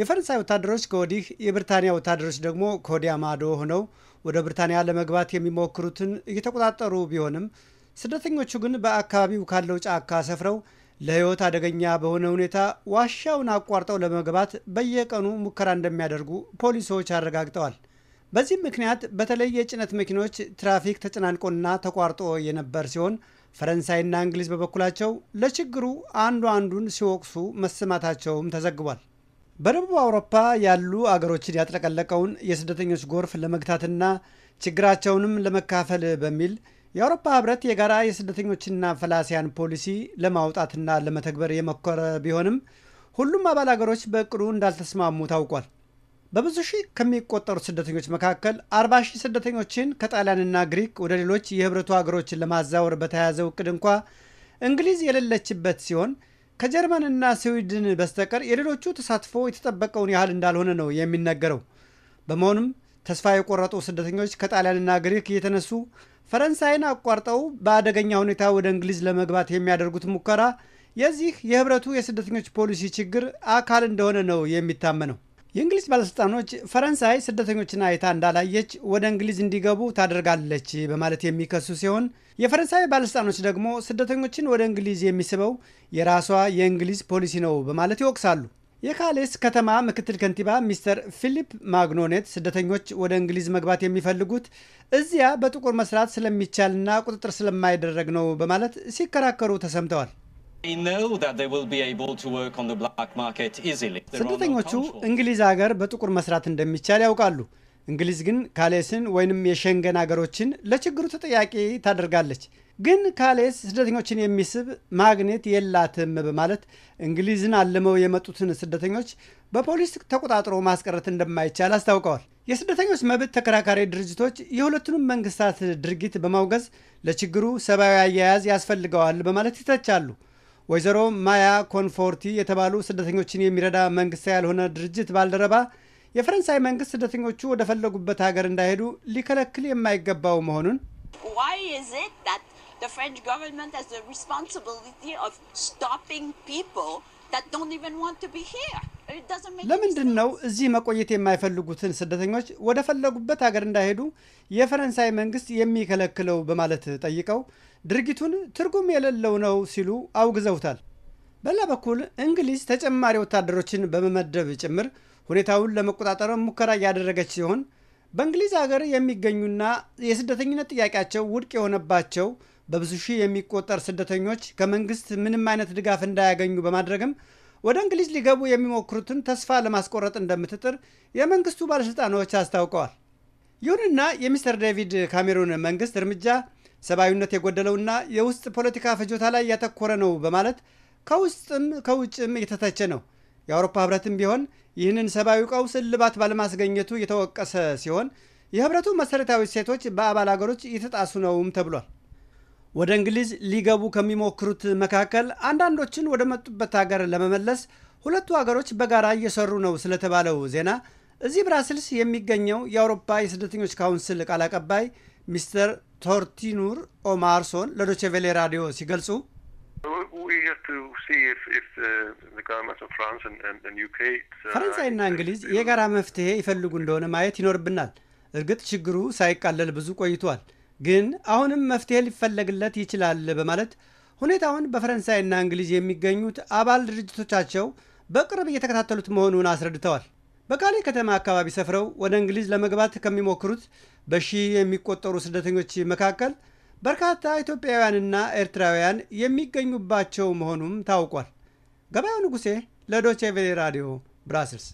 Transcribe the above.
የፈረንሳይ ወታደሮች ከወዲህ የብሪታንያ ወታደሮች ደግሞ ከወዲያ ማዶ ሆነው ወደ ብሪታንያ ለመግባት የሚሞክሩትን እየተቆጣጠሩ ቢሆንም ስደተኞቹ ግን በአካባቢው ካለው ጫካ ሰፍረው ለሕይወት አደገኛ በሆነ ሁኔታ ዋሻውን አቋርጠው ለመግባት በየቀኑ ሙከራ እንደሚያደርጉ ፖሊሶች አረጋግጠዋል። በዚህም ምክንያት በተለይ የጭነት መኪኖች ትራፊክ ተጨናንቆና ተቋርጦ የነበር ሲሆን ፈረንሳይና እንግሊዝ በበኩላቸው ለችግሩ አንዱ አንዱን ሲወቅሱ መሰማታቸውም ተዘግቧል። በደቡብ አውሮፓ ያሉ አገሮችን ያጥለቀለቀውን የስደተኞች ጎርፍ ለመግታትና ችግራቸውንም ለመካፈል በሚል የአውሮፓ ህብረት የጋራ የስደተኞችና ፈላሲያን ፖሊሲ ለማውጣትና ለመተግበር የሞከረ ቢሆንም ሁሉም አባል አገሮች በእቅዱ እንዳልተስማሙ ታውቋል። በብዙ ሺህ ከሚቆጠሩ ስደተኞች መካከል 40 ሺህ ስደተኞችን ከጣሊያንና ግሪክ ወደ ሌሎች የህብረቱ አገሮችን ለማዛወር በተያያዘው እቅድ እንኳ እንግሊዝ የሌለችበት ሲሆን ከጀርመንና ስዊድን በስተቀር የሌሎቹ ተሳትፎ የተጠበቀውን ያህል እንዳልሆነ ነው የሚነገረው። በመሆኑም ተስፋ የቆረጡ ስደተኞች ከጣሊያንና ግሪክ እየተነሱ ፈረንሳይን አቋርጠው በአደገኛ ሁኔታ ወደ እንግሊዝ ለመግባት የሚያደርጉት ሙከራ የዚህ የህብረቱ የስደተኞች ፖሊሲ ችግር አካል እንደሆነ ነው የሚታመነው። የእንግሊዝ ባለሥልጣኖች ፈረንሳይ ስደተኞችን አይታ እንዳላየች ወደ እንግሊዝ እንዲገቡ ታደርጋለች በማለት የሚከሱ ሲሆን የፈረንሳይ ባለሥልጣኖች ደግሞ ስደተኞችን ወደ እንግሊዝ የሚስበው የራሷ የእንግሊዝ ፖሊሲ ነው በማለት ይወቅሳሉ። የካሌስ ከተማ ምክትል ከንቲባ ሚስተር ፊሊፕ ማግኖኔት ስደተኞች ወደ እንግሊዝ መግባት የሚፈልጉት እዚያ በጥቁር መስራት ስለሚቻልና ቁጥጥር ስለማይደረግ ነው በማለት ሲከራከሩ ተሰምተዋል። ስደተኞቹ እንግሊዝ ሀገር በጥቁር መስራት እንደሚቻል ያውቃሉ። እንግሊዝ ግን ካሌስን ወይንም የሸንገን ሀገሮችን ለችግሩ ተጠያቂ ታደርጋለች። ግን ካሌስ ስደተኞችን የሚስብ ማግኔት የላትም በማለት እንግሊዝን አልመው የመጡትን ስደተኞች በፖሊስ ተቆጣጥሮ ማስቀረት እንደማይቻል አስታውቀዋል። የስደተኞች መብት ተከራካሪ ድርጅቶች የሁለቱንም መንግስታት ድርጊት በማውገዝ ለችግሩ ሰብአዊ አያያዝ ያስፈልገዋል በማለት ይተቻሉ። ወይዘሮ ማያ ኮንፎርቲ የተባሉ ስደተኞችን የሚረዳ መንግስት ያልሆነ ድርጅት ባልደረባ የፈረንሳይ መንግስት ስደተኞቹ ወደ ፈለጉበት ሀገር እንዳይሄዱ ሊከለክል የማይገባው መሆኑን the ለምንድን ነው እዚህ መቆየት የማይፈልጉትን ስደተኞች ወደ ፈለጉበት ሀገር እንዳይሄዱ የፈረንሳይ መንግስት የሚከለክለው በማለት ጠይቀው ድርጊቱን ትርጉም የሌለው ነው ሲሉ አውግዘውታል። በሌላ በኩል እንግሊዝ ተጨማሪ ወታደሮችን በመመደብ ጭምር ሁኔታውን ለመቆጣጠር ሙከራ እያደረገች ሲሆን በእንግሊዝ ሀገር የሚገኙና የስደተኝነት ጥያቄያቸው ውድቅ የሆነባቸው በብዙ ሺህ የሚቆጠር ስደተኞች ከመንግስት ምንም አይነት ድጋፍ እንዳያገኙ በማድረግም ወደ እንግሊዝ ሊገቡ የሚሞክሩትን ተስፋ ለማስቆረጥ እንደምትጥር የመንግስቱ ባለሥልጣኖች አስታውቀዋል። ይሁንና የሚስተር ዴቪድ ካሜሩን መንግስት እርምጃ ሰብአዊነት የጎደለውና የውስጥ ፖለቲካ ፍጆታ ላይ ያተኮረ ነው በማለት ከውስጥም ከውጭም እየተተቸ ነው። የአውሮፓ ህብረትም ቢሆን ይህንን ሰብአዊ ቀውስ እልባት ባለማስገኘቱ የተወቀሰ ሲሆን የህብረቱ መሠረታዊ እሴቶች በአባል አገሮች እየተጣሱ ነውም ተብሏል። ወደ እንግሊዝ ሊገቡ ከሚሞክሩት መካከል አንዳንዶችን ወደ መጡበት ሀገር ለመመለስ ሁለቱ ሀገሮች በጋራ እየሰሩ ነው ስለተባለው ዜና እዚህ ብራስልስ የሚገኘው የአውሮፓ የስደተኞች ካውንስል ቃል አቀባይ ሚስተር ቶርቲኑር ኦማርሶን ለዶቼቬሌ ራዲዮ ሲገልጹ ፈረንሳይና እንግሊዝ የጋራ መፍትሄ ይፈልጉ እንደሆነ ማየት ይኖርብናል። እርግጥ ችግሩ ሳይቃለል ብዙ ቆይቷል። ግን አሁንም መፍትሄ ሊፈለግለት ይችላል በማለት ሁኔታውን በፈረንሳይና እንግሊዝ የሚገኙት አባል ድርጅቶቻቸው በቅርብ እየተከታተሉት መሆኑን አስረድተዋል። በቃሌ ከተማ አካባቢ ሰፍረው ወደ እንግሊዝ ለመግባት ከሚሞክሩት በሺህ የሚቆጠሩ ስደተኞች መካከል በርካታ ኢትዮጵያውያንና ኤርትራውያን የሚገኙባቸው መሆኑም ታውቋል። ገበያው ንጉሴ ለዶቼ ቬሌ ራዲዮ ብራስልስ